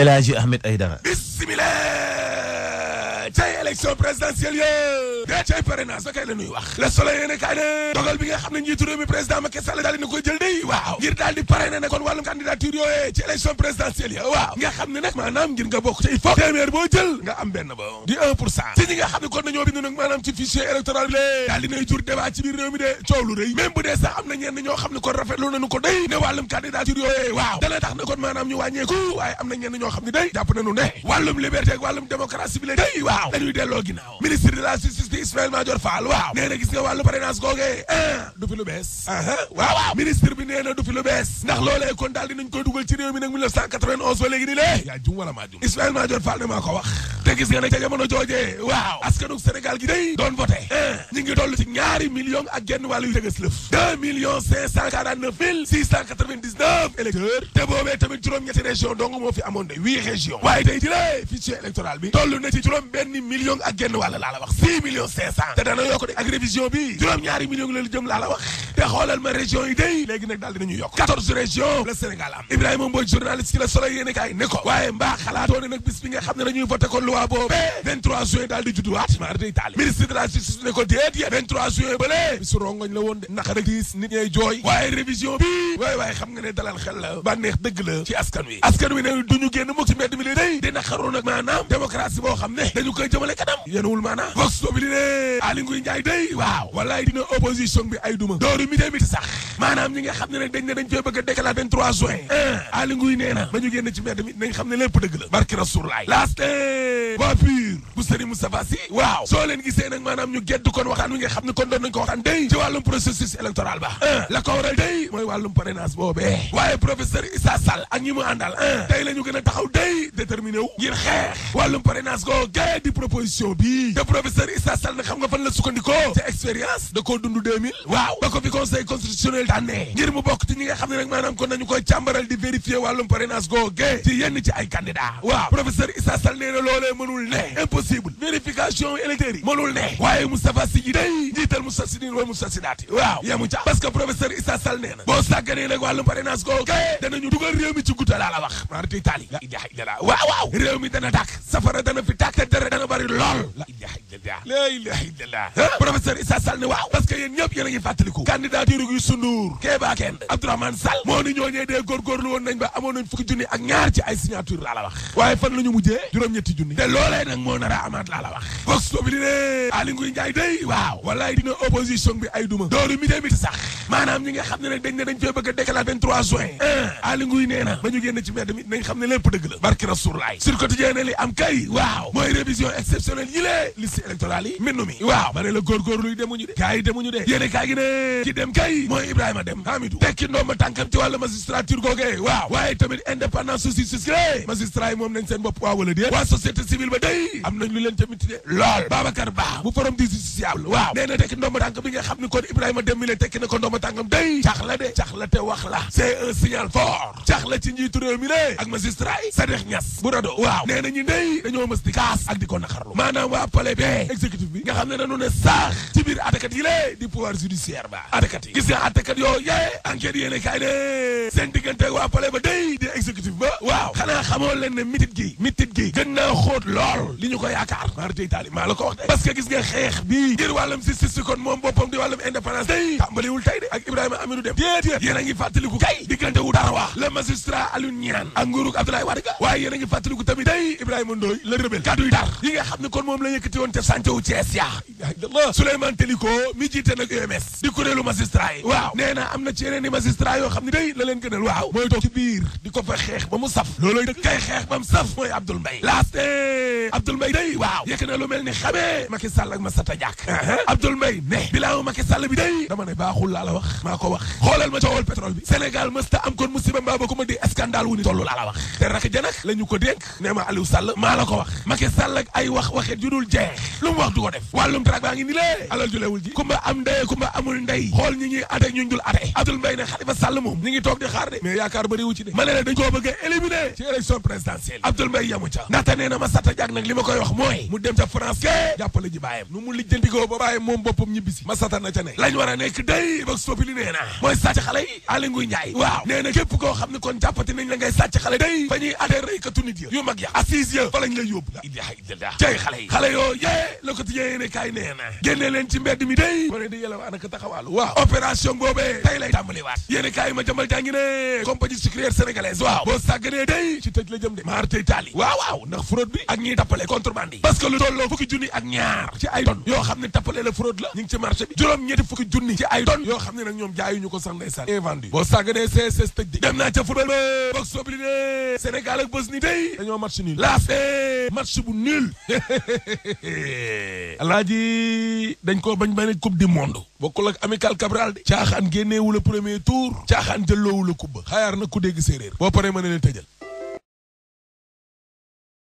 El Hadji Ahmed Aïdara bismillah ca élection présidentielle dee cay parrainage da kay la nuy wax le soleil yéene kaay ne dogal bi nga xam ne njiitu réew mi président Macky Sall daal dina koy jël day waaw ngir daal di parrainé ne kon wàllum candidature yooyee ci élection présidentielle ya waaw nga xam ne nag maanaam ngir nga bokk ci il faut téeméer boo jël nga am benn ba di un pour cent si nga xam ne kon nañoo bind nag maanaam ci fichier électoral bi lée daal dinay jur débat ci biir réew de coow lu rëy même bu dee sax am na Ismaël Madior Fall waaw nee gis nga wàllu parrainage googee ah du fi lu bees waaw waaw ministre bi nee na du fi lu bees ndax loolee kon daal dinañ koy dugal ci réew mi nag 1991 ba léegi ni lée yaa jum wala maa jum Ismaël Madior Fall ah, ngi toll ci ñaari millions ak genn wàllu yu tëgas lëf deux millions cinq cent quarante neuf mille six cent quatre vingt dix neuf électeurs te boobee tamit juróom-ñetti région dong moo fi amoon de huit régions tey ji lée fichier ci laa la wax six millions cinq cent te dana bi juróom-ñaari ngi leen jëm laa la wax te xoolal ma région yi day léegi nag daal dinañu yokk quatorze région la Sénégal am Ibrahima Mbodj journaliste ci la Soleil yéene kaay ne ko waaye mbaa xalaatoone nag bis bi nga xam dañuy voté ko loi boobu 23 juin daal di judduwaat maar day taali ministre de la justice ne ko déet yee 23 juin balee bisu rongoñ la woon de naqar ak diis nit ñay jooy waaye révision bi waaye waaye xam nga ne dalal xel la bànneex dëgg la ci askan wi askan wi ne duñu génn mukk ci mbedd mi li day di naqaru nag maanaam démocratie boo xam dañu koy jëmale kanam yenuwul maanaam vox populi ne Aly Ngouille Ndiaye day waaw wallaay dina opposition bi ay duma dooru député bi sax maanaam ñi a décaler a eh, waa PUR bu Serigne Moustapha Sy waaw soo leen gisee nag maanaam ñu gedd kon waxtaan wi nga xam ne kon doon nañ ko waxtaan day ci wàllum processus électoral ba la ko waral day mooy wàllum parrainage boobee waaye professeur Issa Sall mu àndal tey la ñu gën a taxaw day déterminé wu ngir xeex wàllum parrainage koo gae di proposition bi te professeur Issa Sall xam nga fan la sukkandikoo ci expérience da koo dund 2000 waaw ba ko fi conseil constitutionnel tànnee ngir mu bokk xam ne nag maanaam kon nañu koy càmbaral di vérifier wàllum parrainage goo gae ci yenn ci ay candidat possible vérification électeurs yi mënul ne waaye Moustapha Sy ji day njiital Moustarchidine wal Moustarchidaty waaw yemu ca parce que professeur Issa Sall nee na boo sàgganee nag wàllum parrainage ko kay danañu dugal réew ci guta laa la wax maarti taali waaw waaw réew mi dana safara dana fi tàkk te dara dana bari lool candidat laa ilaha illallah professeur Issa Sall ne waaw parce que yéen ñëpp yéen a fàttaliku candidature yu sunduur Kéba Kende Abdourahmane moo ni ñooñee dee góorgóorlu woon nañ ba amoon nañ fukki junni ak ñaar ci ay signature laa la wax waaye fan la ñu juróom-ñetti junni te loolee nag moo nar amaat laa la wax vox populi ne Aly Ngouille Ndiaye day waaw wallaay dina opposition bi ay duma doolu mi tamit sax maanaam ñi nga xam ne nag dañ ne électorale mi waaw ma ne la góorgóorlu yi demuñu de gars yi demuñu de yéene kaay gi ne ki dem kay mooy Ibrahima Dem Hamidou tekki a tànkam ci wàllu magistrature googee waaw waaye tamit indépendance susi suskre moom nañ seen bopp waa wala déet waa ba day am nañ lu leen tamit de lool Babacar Ba bu forom di justiciable waaw nee na tekki ndomba tànk bi nga xam ni kon Ibrahima Dem mi la tekki na ko ndomba tànkam day cax la de cax la te wax la c'est un signal fort cax la ci njiitu réew mi le ak magistrat yi Sadikh Niass bu rado waaw nee na ñu day dañoo mës di kaas ko naqarlu maanaam waa palais bee matin exécutif bi nga xam ne dañu ne saax ci biir attekat di pouvoir judiciaire ba attekat gis nga attekat yoo yee enquête yéene kaay ne seen diggante waa palais ba day di exécutif ba waaw xanaa xamoo leen ne mitit gi mitit gi gën naa xóot lool li ñu ko yaakaar maar day taali la ko wax de bi ngir wàllam justice si kon moom boppam di wàllam indépendance day tàmbaliwul tey de ak Ibrahima Amidou Dem déedéet yéen a ngi fàttaliku kay diggante wu dar yi la yëkkati sànce wu Thiès yaa Teliko mi jité nak EMS di kuréelu magistrat yi waaw nee na ci yeneen magistrat yo xamni day la leen gënal waaw moy tok ci biir di ko fa xex ba mu saf loloy dëgg kay xex ba mu saf moy Abdoul Mbaye laaste Abdoul Mbaye day waaw yek na lu melni ni xamee Macky Sall ak Massata Diack Abdoul Mbaye ne bilaw Macky Sall bi day dama ne baxul la la wax mako wax xolal ma ci wol pétrole bi Sénégal mësta am kon musiba mbaa ba ko ma di scandale wu ni toll laa la wax te rak janak lañu ko dénk nee ma Aliou Sall ma la ko wax Macky Sall ak ay wax waxé judul jeex lu mu wax du def wàllum traque ni lée alal julewul ji kumba am ndey kumba amul ndey xool ñi ñuy ate ñu dul ate Abdoul Mbaye ne Khalifa Sall moom ñi toog di xaar de mais yaakaar bëriwu ci de ma la dañ koo bëgg a éliminer ci élection présidentielle Abdoul Mbaye yamu ca ndaxte ma satta jàk nag li koy wax mooy mu dem ca France ke jàppale ji bàyyam nu mu lijjantikoo ba bàyyi moom boppam ñibbisi ma sata na ca ne lañ war a nekk day vox populi nee na mooy le quotidien yéene kaay nee na génnee leen ci mbedd mi day gone di yelawaan ak taxawaalu waaw opération boobee tey lay tàmbaliwaat yéene kaay ma jambal jàngi ne compagnie sucrière sénégalaise waaw boo sàgganee day ci tëj la jëm de maar tey waaw waaw ndax fraude bi ak ñiy tappale contrebande yi que lu tolloo fukki junni ak ñaar ci ay tonnes yoo xam ne tappale la fraude la ñu ci marché bi juróom ñetti fukki junni ci ay tonnes dem naa ca football ba box sobli eh, bu Eh, alaaji dañ koo bañ bañ coupe du monde bokkul ak amical cabral de caaxaan génneewu la premier tour caaxaan jëlloowu la coupe ba xayaar na ku dégg séeréer boo paree mën ne leen